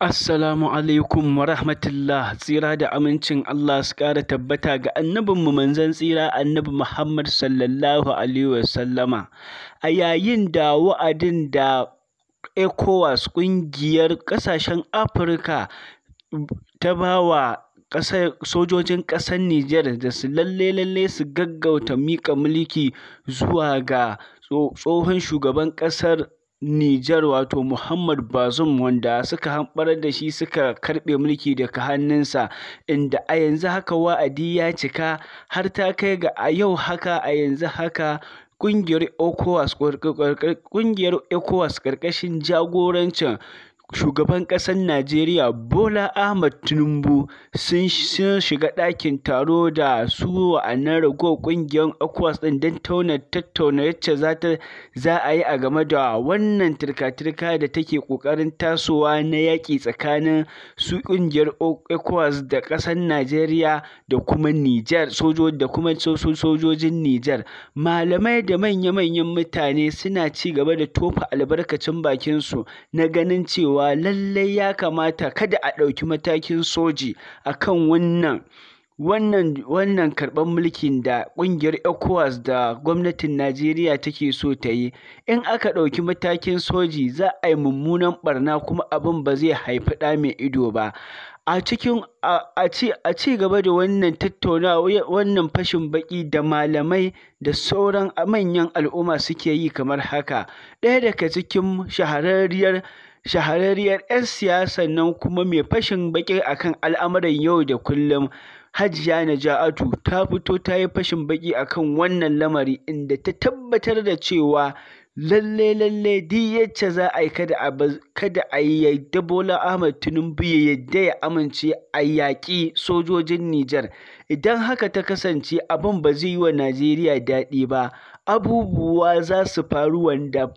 Assalamu alaikum wa rahmatullah tsira da amincin Allah su ƙara tabbata ga annabinmu manzon tsira annabi Muhammad sallallahu alaihi sallama. a yayin da wa'adin da ECOWAS ƙungiyar ƙasashen Afirka ta bawa ƙasar sojojin ƙasar Nijar da su lalle lalle su gaggauta miƙa mulki zuwa ga tsohon shugaban ƙasar Nijar wato Muhammad Bazoum wanda suka hamɓarar da shi suka karɓe mulki daga hannunsa inda a yanzu haka wa'adi ya cika har ta kai ga a yau haka a yanzu haka ƙungiyar ECOWAS ƙarƙashin jagorancin Shugaban ƙasar Najeriya Bola Ahmed Tinubu sun shiga ɗakin taro da su wa'annan ragowar ƙungiyar ECOWAS ɗin don tattauna yacce za a yi a game da wannan tirka-tirka da take ƙoƙarin tasowa na yaƙi tsakanin su ƙungiyar ECOWAS da ƙasar Najeriya da kuma Nijar, da kuma sojojin Nijar. Malamai da manya-manyan mutane suna ci gaba da tofa albarkacin bakinsu na ganin cewa cewa lallai ya kamata kada a ɗauki matakin soji a kan wannan wannan wannan karɓar mulkin da ƙungiyar ECOWAS da gwamnatin Najeriya take so ta yi in aka ɗauki matakin soji za a yi mummunan ɓarna kuma abin ba zai haifi ɗa mai ido ba a cikin a ci gaba da wannan tattaunawa wannan fashin baƙi, da malamai da sauran manyan al'umma suke yi kamar haka ɗaya daga cikin shahararriyar shahararriyar 'yar siyasa nan kuma mai fashin baƙi a kan al'amuran yau da kullum Hajiya Naja'atu ta fito ta yi fashin baƙi a kan wannan lamari inda ta tabbatar da cewa lallai-lallai lalle duk yacce za a yi kada a yi yadda Bola Ahmed Tinubu ya yadda ya amince a yaƙi sojojin Nijar idan haka ta kasance abin ba zai yi wa Najeriya daɗi ba abubuwa za su faru wanda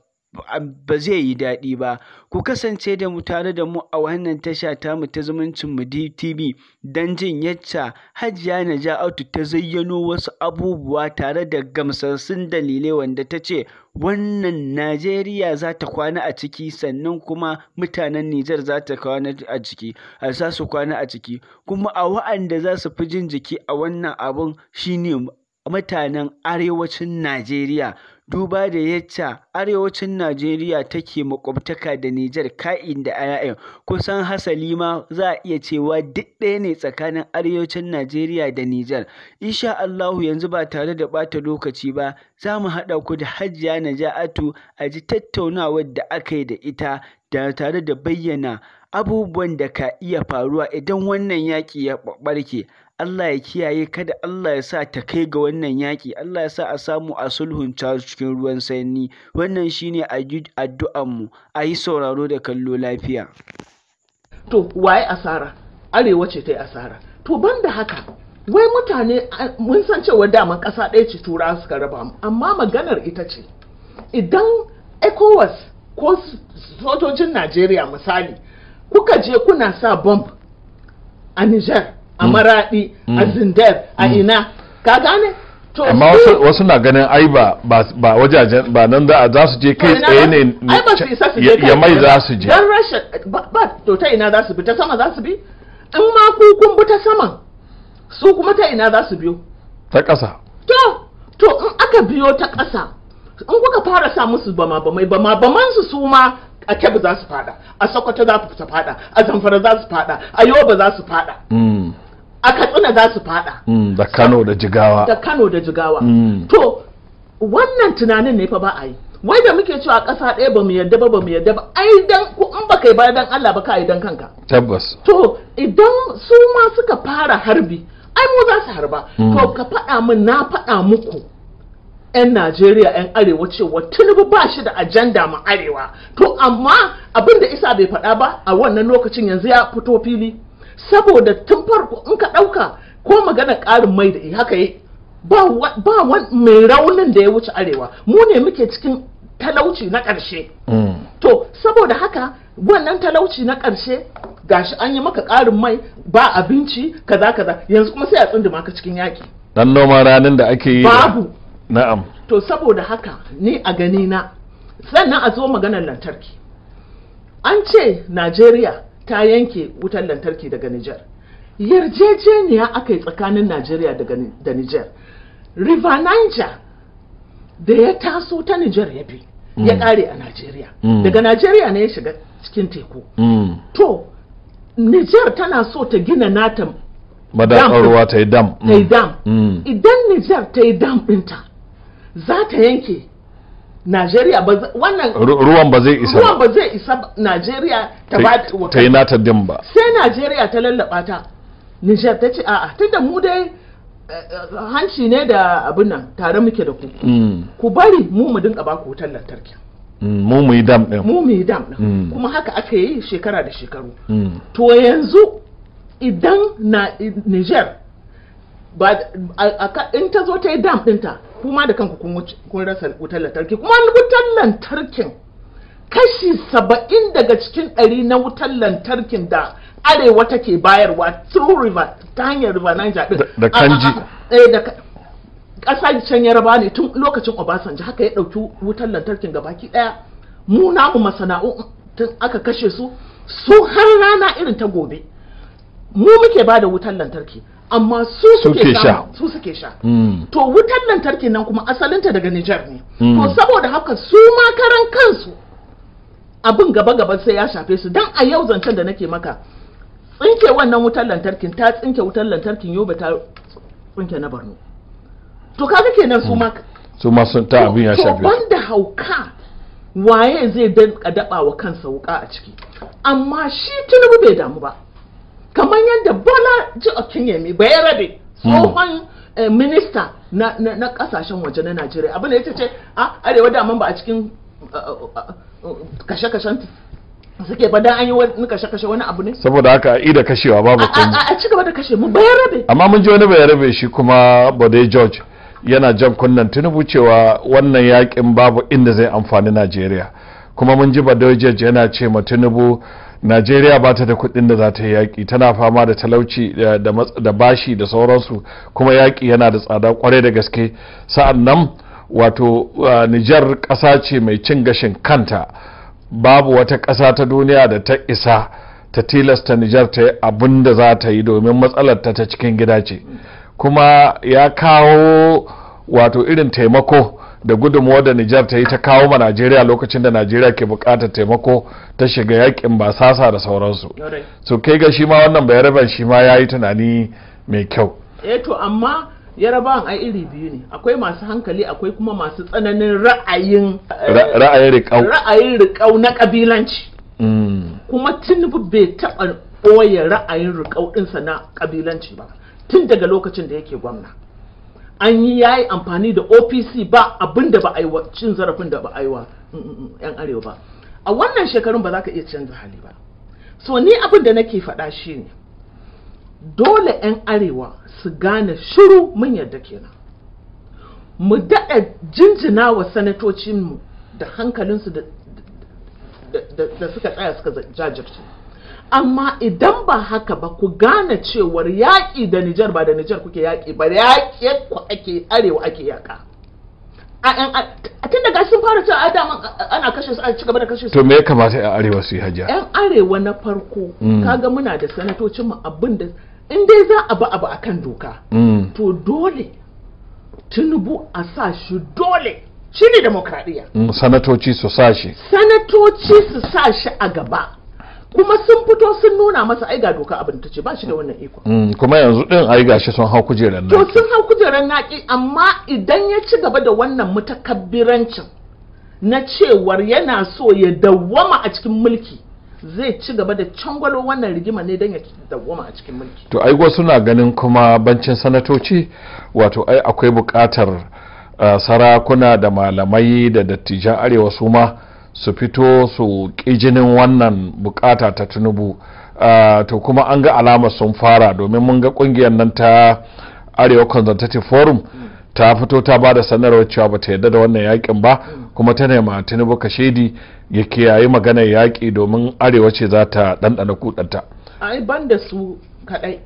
ba zai yi daɗi ba. Ku kasance da mu tare da mu a wannan tasha ta mu ta zumuncin mu DTV dan jin yacca Hajiya Naja'atu ta zayyano wasu abubuwa tare da gamsassun dalilai wanda ta ce wannan Najeriya za ta kwana a ciki sannan kuma mutanen Nijar za ta kwana a ciki, za su kwana a ciki. Kuma a wa'anda za su fi jin jiki a wannan abun shine mutanen arewacin Najeriya. duba da yacca arewacin Najeriya take maƙwabtaka da Nijar ka'in da ayayin kusan hasali ma za a iya cewa duk ɗaya ne tsakanin arewacin Najeriya da Nijar. Insha'allahu yanzu ba tare da bata lokaci ba, za mu haɗa ku da Hajiya Naja'atu a ji tattaunawar da aka yi da ita da tare da bayyana abubuwan da ka iya faruwa idan wannan yaki ya ɓarke. Allah ya kiyaye kada Allah ya sa ta kai ga wannan yaki, Allah ya sa a samu a sulhunta cikin ruwan sanyi wannan shine addu'anmu a yi sauraro da kallo lafiya to waye asara arewa ce ta yi asara to banda haka wai mutane mun san cewa daman ƙasa ɗaya ce tura suka raba mu amma maganar ita ce idan ecowas ko sojojin najeriya misali kuka je kuna sa bomb a niger a mm. maraɗi a mm. zindar a mm. ina ka gane amma wasu na ganin ai ba ba wajajen ba nan za su je kai tsaye ne ya mai za su je dan rashin ba to ta ina za su bi ta sama za su bi in ma ku kun bi ta saman su kuma ta ina za su biyo ta ƙasa to to in aka biyo ta ƙasa in kuka fara sa musu bama bamai bama baman su su ma a kebbi za su fada a sokoto za su fada a zamfara za su fada a yoba za su fada a katsina za su fada mm, da kano da jigawa da kano da jigawa mm. to wannan tunanin ne fa ba a yi wai da muke cewa ƙasa ɗaya ba mu yadda ba ba mu yadda ba ai dan ko in baka yi ba dan Allah ba ka yi dan kanka tabbas to idan su ma suka fara harbi ai mu za su harba mm. to ka faɗa min na faɗa muku 'yan Najeriya 'yan Arewa cewa Tinubu ba shi da ajanda ma Arewa. To amma abin da isa bai faɗa ba a wannan lokacin yanzu ya fito fili. saboda tun farko in ka ɗauka ko magana ƙarin mai da haka yi ba mai raunin da ya wuce arewa mu ne muke cikin talauci na ƙarshe mm. to saboda haka wannan talauci na ƙarshe gashi an yi maka ƙarin mai ba abinci kaza kaza yanzu kuma sai a tsunduma maka cikin yaƙi dan noman ranar da ake yi babu na'am to saboda haka ni a gani na sannan a zo maganar lantarki an ce najeriya ta yanke wutar lantarki daga Nijar. Yarjejeniya aka yi tsakanin Najeriya da Nijar. River Niger da ya taso ta Nijar ya bi, mm. ya ƙare a Najeriya. Mm. Daga Najeriya ne ya shiga cikin teku. Mm. To, Nijar tana so ta gina nata madakarwa Ta yi dam. Idan Nijar ta yi dam ɗinta, za ta yanke Najeriya ba wannan ruwan ba zai isa ruwan ba zai isa Najeriya ta ba ta yi nata din ba sai Najeriya ta lallaba ta Niger ta ce a'a tunda mu dai eh, eh, hanci ne da abin nan tare muke da ku mm. ku bari mu mu dinka ba ku wutar lantarki mm, mu mu yi dam din mu mu yi dam din mm. kuma haka aka yi shekara da shekaru to yanzu idan na Niger ba in ta zo ta yi dam ɗinta kuma da kanku kun rasa wutar lantarki kuma wutar lantarkin kashi saba'in daga cikin ɗari na wutar lantarkin da arewa take bayarwa through river ta hanyar river Niger da kanji ƙasar eh, da ƙasa can yaraba ne tun lokacin Obasanjo haka ya ɗauki wutar lantarkin gabaki ɗaya mu namu masana'u tun aka kashe su su har rana irin ta gobe mu muke ba da wutar lantarki amma su suke sha su suke sha mm. to wutar lantarki nan kuma asalinta daga Nijar ne mm. to saboda haka su ma karan kansu abin gaba gaba sai ya shafe su dan a yau zancen da nake maka tsinke wannan wutar lantarkin ta tsinke wutar lantarkin Yobe ta tsinke na Borno to kaga kenan su ma mm. su ma sun ta abin ya shafe su banda hauka waye zai dan kadaba wa kansa wuka a ciki amma shi tunubu bai damu ba kamar yadda bola ji okinyemi rabe tsohon hmm. eh, minista na kasashen waje na najeriya abin da ya ce a ah, arewa daman ba a cikin eh, eh, kashe-kashen suke ba dan an yi wani kashe-kashe wani abu ne saboda haka a da kashewa babu kuma a ci gaba da kashe mu rabe amma mun ji wani rabe shi kuma bode george yana jan kunnan tinubu cewa wannan yakin babu inda zai amfani najeriya kuma mun ji bade george yana ce ma tinubu najeriya ba ta da kudin da za ta yi yaƙi tana fama da talauci da bashi da sauransu kuma yaƙi yana da tsada kwarai da gaske sa'an nan wato nijar ƙasa ce mai cin gashin kanta babu wata ƙasa ta duniya da ta isa ta tilasta nijar ta yi abin da za ta yi domin matsalar ta ta cikin gida ce kuma ya kawo wato irin taimako da gudunmuwa da Nijar ta yi ta kawo ma Najeriya lokacin da Najeriya ke bukatar taimako ta shiga yakin basasa da sauransu so kai ga shi ma wannan bayaraban shi ma ya yi tunani mai kyau eh to amma yarabawan ai iri biyu ne akwai masu hankali akwai kuma masu tsananin ra'ayin eh, ra'ayin riƙau ra'ayin riƙau na kabilanci mm. kuma tinubu bai taɓa ɓoye ra'ayin riƙau ɗinsa na kabilanci ba tun daga lokacin da yake gwamna an yi ya yi amfani da opc ba abin da ba a yi wa cin zarafin da ba a yi wa yan mm, mm, mm, arewa ba a wannan shekarun ba za ka iya canza hali ba so ni abin da nake faɗa shi ne dole yan arewa su gane shiru mun yadda kenan mu daɗa jinjina wa sanatocinmu da hankalinsu da suka tsaya suka jajirce amma idan ba haka ba ku gane cewar yaƙi da Nijar ba da Nijar kuke yaƙi ba yaƙi ku ake arewa ake yaƙa a tun daga sun fara cewa adaman ana kashe su a ci gaba da kashe su to me ya kamata yan arewa su yi hajja yan arewa na farko mm. kaga muna da sanatocin mu abin da in dai za a ba abu akan doka mm. to dole tinubu a sa shi dole shine demokradiyya. Mm, sanatoci su sa shi sanatoci su sa shi a gaba kuma sun fito sun nuna masa aiga doka abin ta ce ba shi da wannan iko mm, kuma yanzu din ai gashi sun hau kujeran naki to sun hau kujeran naki amma idan ya ci gaba da wannan mutakabbirancin na cewar yana so ya dawwama a cikin mulki zai ci gaba da cangwalo wannan rigima ne don ya dawwama a cikin mulki to ai wasu na ganin kuma bancin sanatoci wato ai akwai bukatar ah, sarakuna da malamai da dattijan arewa su ma su fito su jinin wannan bukata ta tinubu ah, to kuma an ga alama sun fara domin mun ga ƙungiyar nan ta arewa consultative forum ta fito ta ba da sanarwar cewa ba ta yarda da wannan yakin ba kuma ta nema ka shaidi ya kiyaye maganar yaƙi domin arewa ce za ta ɗanɗana kuɗanta. ai ban da su kaɗai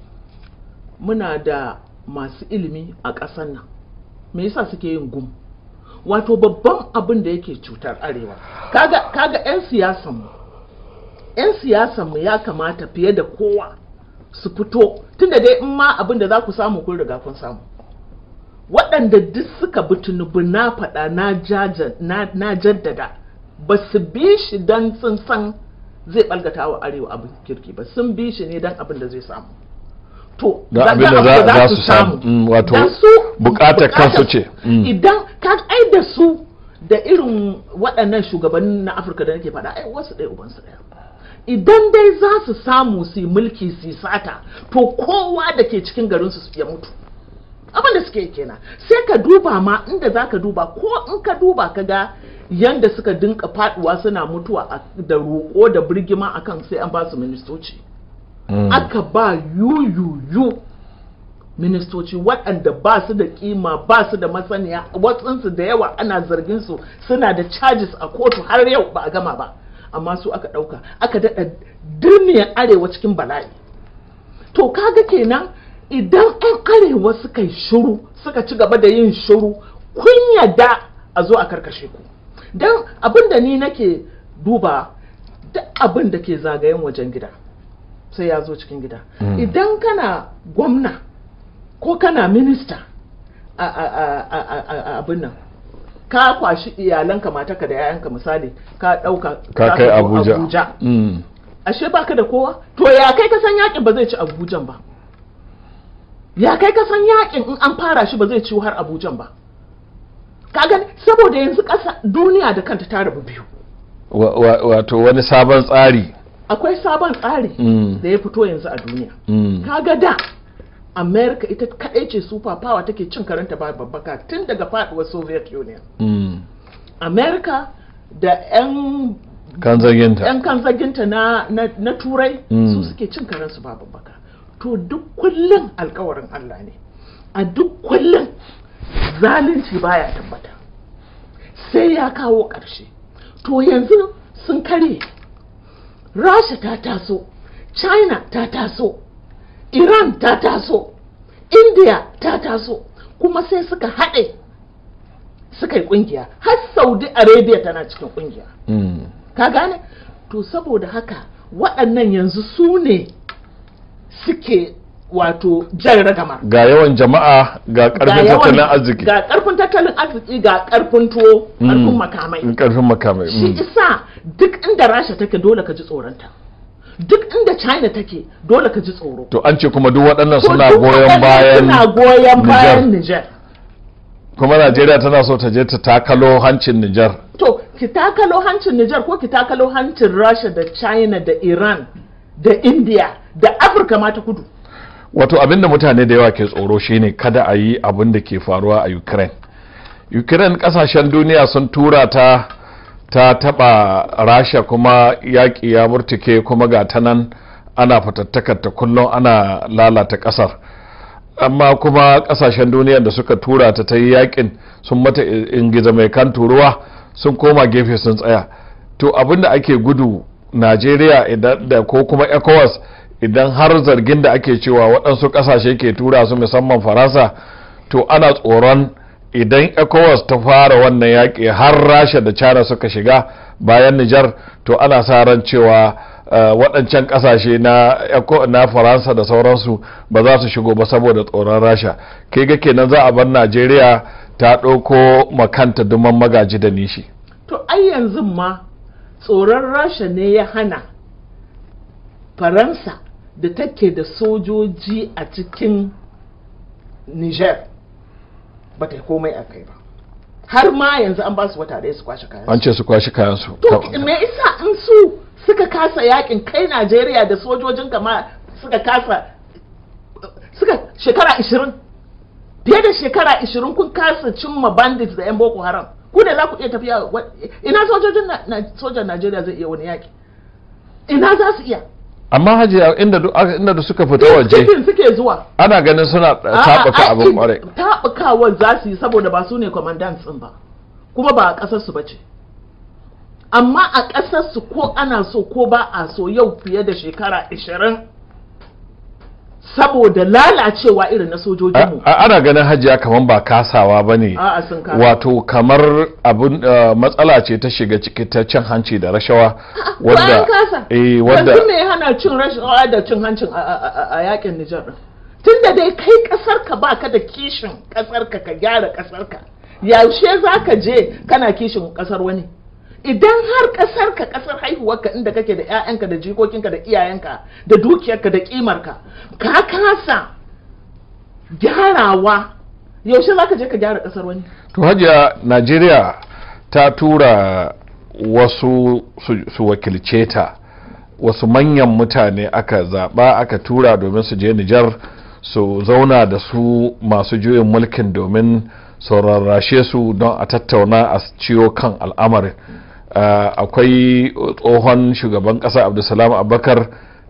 muna da masu ilimi a ƙasar nan me yasa suke yin gum wato babban abin da yake cutar arewa kaga kaga 'yan siyasanmu 'yan siyasanmu ya kamata fiye da kowa su fito tun da dai in ma abin da za ku samu kun riga kun samu waɗanda duk suka bi tunubu na faɗa na jaddada ba su bi shi don sun zai ɓalgata wa arewa abin kirki ba sun bi shi ne don abin da zai samu to da abin da za su samu mm, wato bukatar kansu ce mm. idan ka ai da su da irin waɗannan shugabannin na afirka da nake faɗa ai wasu ɗaya ubansu ɗaya idan dai za su samu su mulki su sata to kowa da ke cikin garin su ya mutu abin da suke kenan sai ka duba ma inda za ka duba ko in ka duba ka ga yanda suka dinka faduwa suna mutuwa da roƙo da birgima akan sai an ba su ministoci Mm. aka ba yuyuyu ministoci waɗanda ba su da kima ba su da masaniya watsinsu da yawa ana zargin su suna da charges a kotu har yau ba a gama ba amma su aka ɗauka aka daɗa dirniyar arewa cikin bala'i to kaga kenan idan an arewa suka yi shuru suka ci gaba da yin shuru kun yada a zo a karkashe ku don abin da ni nake duba duk abin da ke zagayen wajen gida sai ya zo cikin gida hmm. idan kana gwamna ko kana minista a abin nan ka kwashi iyalanka matarka da 'ya'yanka misali ka ɗauka ka kai abuja hmm. ashe baka da kowa to ya kai ka san yakin ba zai ci abujan ba ya kai ka san yakin in an fara shi ba zai ci har abujan ba ka gani saboda yanzu ƙasa duniya da kanta ta rabu biyu wato wani sabon tsari akwai sabon tsari mm. da ya fito yanzu a duniya mm. ka ga da america ita kaɗai ce super power take cin karanta babbaka tun daga faɗuwar soviet union mm. america da 'yan kanzaginta yan kanzaginta na, turai su suke cin karansu babu baka to duk kullum alkawarin Allah ne a duk kullum zalunci baya tabbata sai ya kawo ƙarshe to yanzu sun kare rasha ta taso china ta taso iran ta taso india ta taso kuma sai suka haɗe suka yi ƙungiya. har saudi arabia tana cikin ƙungiya. Hmm. ka gane to saboda haka waɗannan yanzu su ne suke wato jan ragama ga yawan jama'a ga karfin tattalin arziki ga karfin tattalin arziki ga karfin tuwo karfin mm. makamai karfin mm, makamai shi mm. isa duk inda rasha take dole ka ji tsoronta duk inda china take dole ka ji tsoro to an ce kuma duk waɗannan suna goyon bayan suna goyon bayan niger kuma najeriya tana so ta je ta takalo hancin niger to ki takalo hancin niger ko ki takalo hancin rasha da china da iran da india da afirka ma ta kudu wato abinda mutane da yawa ke tsoro shine kada a yi abin da ke faruwa a ukraine ukraine kasashen duniya sun tura ta ta taba rasha kuma yaƙi ya murtuke kuma ga ta nan ana fatattakar ta kullum ana lalata ƙasar amma kuma ƙasashen duniya da suka tura ta ta yi yaƙin sun mata ingiza mai kan turuwa sun koma gefe sun tsaya to abinda ake gudu najeriya da ko kuma ecowas idan har zargin da ake cewa waɗansu ƙasashe ke tura su musamman faransa to ana tsoron idan ecowas ta fara wannan yaƙi har rasha da china suka shiga bayan nijar to ana sa ran cewa eh, waɗancan ƙasashe na faransa da sauransu ba za su shigo ba saboda tsoron rasha kai ga kenan za a bar najeriya ta ɗauko makanta duman magaji da nishi to ai yanzu ma tsoron rasha ne ya hana faransa da take da sojoji a cikin niger ba ta komai a kai ba har ma yanzu an ba su wata ɗaya su kwashe kayansu an ce su kwashe kayansu to me isa in su suka kasa yakin kai najeriya da sojojin kama suka kasa suka shekara ishirin fiye da shekara ishirin kun kasa cimma bandits da 'yan boko haram ku da za ku iya tafiya ina sojojin sojan najeriya zai iya wani yaki ina za su iya amma haji inda da suka fita waje suke zuwa ana ganin suna tabuka abin kwarai tabukawan za su yi saboda ba su ne commandants din ba kuma ba a kasar su bace amma a kasar su ko ana so ko ba a so yau fiye da shekara 20 saboda lalacewa irin na sojojinmu ana ganin hajiya kamar ba kasawa ba ne wato kamar abin eh, matsala ce ta shiga ciki ta cin hanci da rashawa wadda wadda eh, hana cin rashawa da cin hancin a yakin Nijar tun da dai kai kasar ka baka da kishin kasar ka ka gyara kasar ka yaushe zaka je kana kishin kasar wani idan har kasar ka kasar haihuwarka inda kake da 'ya'yanka da jikokinka da iyayenka da dukiyarka da kimarka ka kasa gyarawa yaushe za ka je ka gyara kasar wani to hajiya najeriya ta tura wasu su wakilce ta wasu manyan mutane aka zaɓa aka tura domin su je nijar su zauna da su masu juyin mulkin domin saurarashe su don a tattauna a ciwo kan al'amarin akwai tsohon shugaban ƙasa abdulsalam abubakar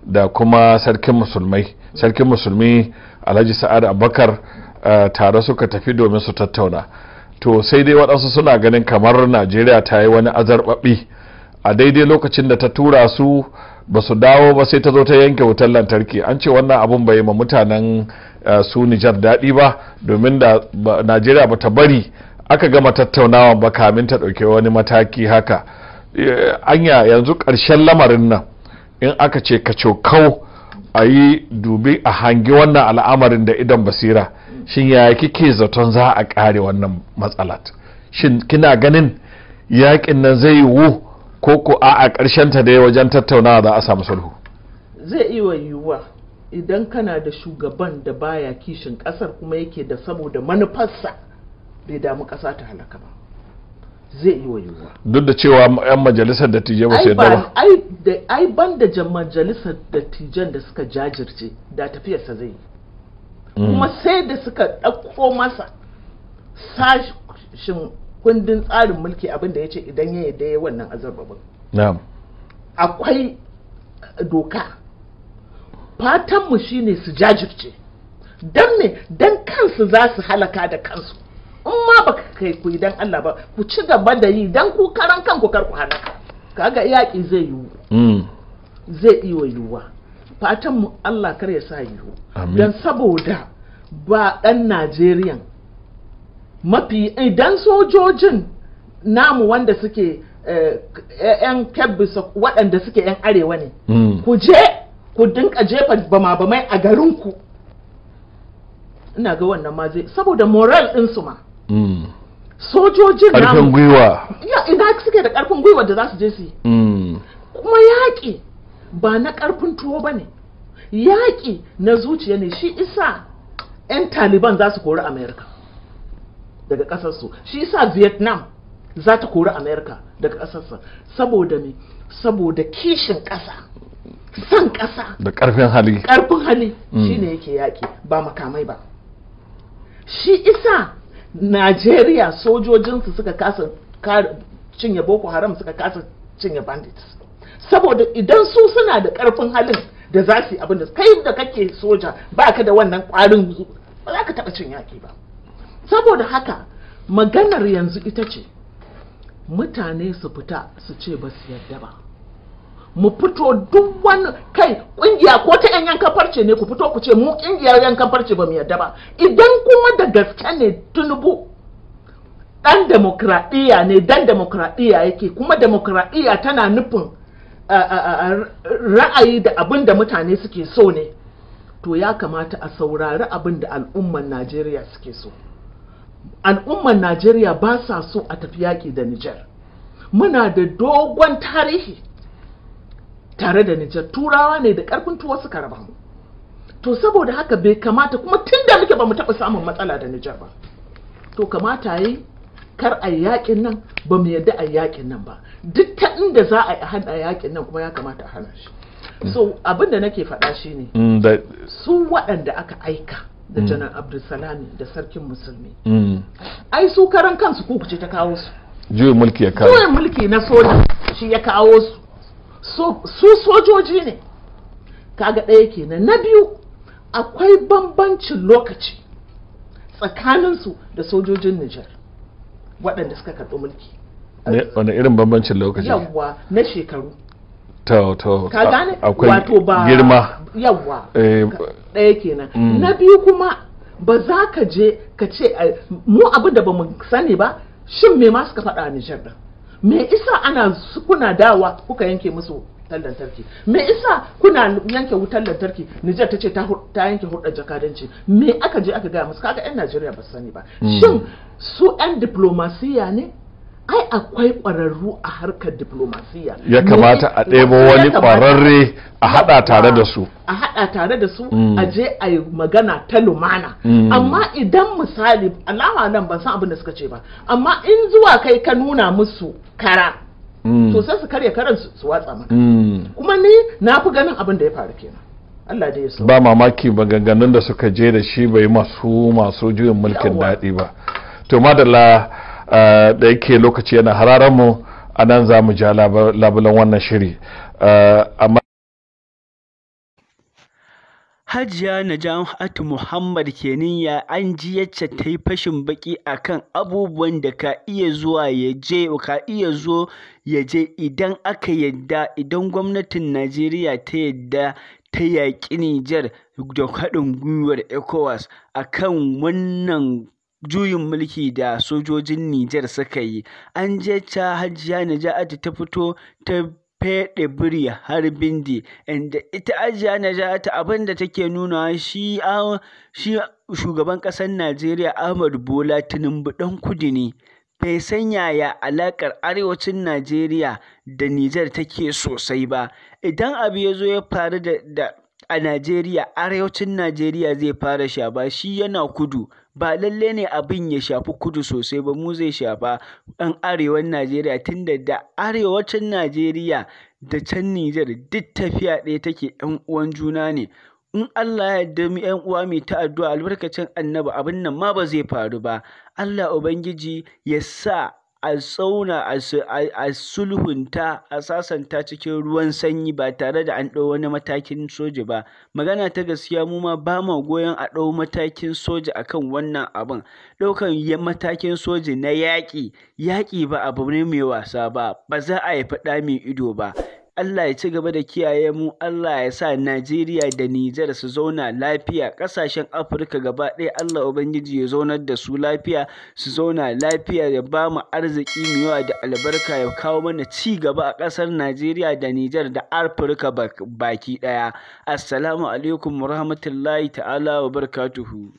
da kuma sarkin musulmai sarkin musulmi alhaji sa'ad abubakar tare suka tafi domin su tattauna to sai dai waɗansu suna ganin kamar najeriya ta yi wani azarbaɓi a daidai lokacin da ta tura su ba su dawo ba sai ta zo ta yanke wutar lantarki an ce wannan abun bai ma mutanen su nijar daɗi ba domin da najeriya ba ta bari aka gama tattaunawa ba kamin ta ɗauke wani mataki haka Eh, anya yanzu ƙarshen lamarin nan in aka ce ka cokau a yi dubi a hangi wannan al'amarin da idan basira shin yaya kike zaton za a ƙare wannan matsalat shin kina ganin yakin nan zai yiwu ko ko a a ƙarshen ta dai wajen tattaunawa za a samu sulhu zai iya yiwuwa idan kana da shugaban da baya kishin ƙasar kuma yake da saboda manufarsa bai damu ƙasa ta halaka ba zai yi wa yiwuwa duk da cewa yan majalisar da ba wasu yadda ba ai ban da majalisar dattijan da suka jajirce da tafiyarsa zai yi mm. kuma sai da suka ɗauko masa sashin kundin tsarin mulki abinda ya ce idan ya yadda ya wannan azarbabin akwai doka fatanmu shine su jajirce don me don kansu za su halaka da kansu in ma baka kai ku dan Allah ba ku ci gaba da yi dan ku karan kanku kar ku hana kaga yaki zai yiwu hmm. zai iya yiwuwa fatan mu Allah kar ya sa yiwu dan saboda ba dan Najeriya mafi idan sojojin namu wanda suke yan eh, kebbisa waɗanda suke yan arewa ne hmm. ku je ku dinka jefa bama-bamai a garinku ina ga wannan ma zai saboda moral ɗinsu ma hmm. sojojin namu karfin gwiwa ya ina suke da karfin gwiwa da za su je su yi hmm. kuma yaƙi ba na ƙarfin tuwo ba ne yaƙi na zuciya ne shi isa 'yan taliban za su kori amerika daga ƙasarsu shi isa vietnam za ta kori amerika daga ƙasarsa saboda me saboda kishin ƙasa san ƙasa da ƙarfin hali ƙarfin hali hmm. shine yake yaƙi ba makamai ba shi isa najeriya sojojinsu suka kasa cinye boko haram suka kasa cinye bandits saboda idan su suna da karfin halin da za su yi abin da kai da kake soja ba ka da wannan kwarin ba za ka taɓa cin yaƙi ba saboda haka maganar yanzu ita ce mutane su fita su ce ba su yarda ba mu fito duk wani kai kungiya ko ta yan yankan farce ne ku fito ku ce mu kungiyar yankan farce ba mu yadda ba idan kuma da gaske ne tunubu dan demokradiyya ne dan demokradiyya yake kuma demokradiyya tana nufin ra'ayi da abin da mutane suke so ne to ya kamata a saurari abin da al'umman najeriya suke so al'ummar najeriya ba sa so a tafi yaki da nijar muna da dogon tarihi tare da Nijar turawa ne da karfin tuwa suka raba mu to saboda haka bai kamata kuma tun da muke ba mu taɓa samun matsala da Nijar ba to kamata yi kar a yakin nan ba mu yadda a yakin nan ba duk ta inda za a hana yakin nan kuma ya kamata a hana shi so abin da nake faɗa shi ne mm, su waɗanda aka aika da mm. janar abdulsalami da sarkin musulmi mm. ai su karan kansu ku ce ta kawo su juyin mulki ya kawo juyin mulki na soja shi ya kawo su su sojoji ne kaga ɗaya kenan na biyu akwai bambancin lokaci tsakaninsu da sojojin Nijar waɗanda suka karɓi mulki wani irin bambancin lokaci yawwa na shekaru ta ka gane girma yawwa eh, ɗaya kenan mm. na biyu kuma ba za ka je ka ce mu abin da ba mu sani ba shin me ma suka faɗa a Nijar ɗin me isa ana kuna dawa kuka yanke musu wutar lantarki me isa kuna yanke wutar lantarki Nijar ta ce ta yanke hudar jakadanci me aka je aka gaya musu kaga yan Najeriya ba sani ba hmm. shin su yan diplomasiya ne ai akwai ƙwararru a harkar diplomasiya ya kamata a ɗebo wani ƙwararre a haɗa tare da su a haɗa tare da su mm. a je a yi magana ta lumana mm. amma idan misali alama nan ban san abin da suka ce ba amma in zuwa kai ka nuna musu kara mm. to su karya karan su watsa maka kuma ni na fi ganin abin da ya faru kenan Allah da ya ba mamaki maganganun da suka je da shi bai masu masu juyin mulkin daɗi ba to madalla da yake lokaci yana hararar mu a nan za mu ja labulan wannan shiri amma Hajiya Najamatu Muhammad Keniya an ji yacce ta yi fashin baki akan abubuwan da ka iya zuwa ya je ka iya zo ya je idan aka yadda idan gwamnatin Najeriya ta yadda ta yaƙi Nijar da haɗin gwiwar ECOWAS akan wannan juyin mulki da sojojin Nijar suka yi, an je ca Hajiya Najatu ta fito ta feɗe biri har bindi, inda ita Hajiya Najatu abin da take nuna shi shi shugaban ƙasar Najeriya Ahmadu Bola Tinubu ɗan kudi ne. Bai san yaya alaƙar arewacin Najeriya da Nijar take sosai ba, idan abu ya zo ya faru da a Najeriya, arewacin Najeriya zai fara sha ba shi yana kudu, ba lalle ne abin ya shafi kudu sosai ba mu zai shafa ɗan arewan Najeriya tunda da arewacin Najeriya da can Nijar duk tafiya ɗaya take ‘yan uwan juna ne. In Allah ya yarda mu ‘yan uwa mai ta addu'a albarkacin annabi abin nan ma ba zai faru ba. Allah Ubangiji ya sa a tsauna a sulhunta a sasanta cikin ruwan sanyi ba tare da an ɗau wani matakin soja ba magana ta gaskiya mu ma ba mu goyon a ɗau matakin soja akan wannan abin ɗaukan matakin soja na yaƙi yaƙi ba abu ne mai wasa ba ba za a yi faɗa mai ido ba Allah ya ci gaba da kiyaye mu, Allah ya sa Najeriya da Nijar su zauna lafiya, ƙasashen Afirka gaba ɗaya Allah Ubangiji ya zaunar da su lafiya, su zauna lafiya ya ba mu arziki mu yawa da albarka ya kawo mana ci gaba a ƙasar Najeriya da Nijar da Afirka baki ɗaya. Assalamu alaikum wa rahmatullahi ta'ala wa barkatuhu.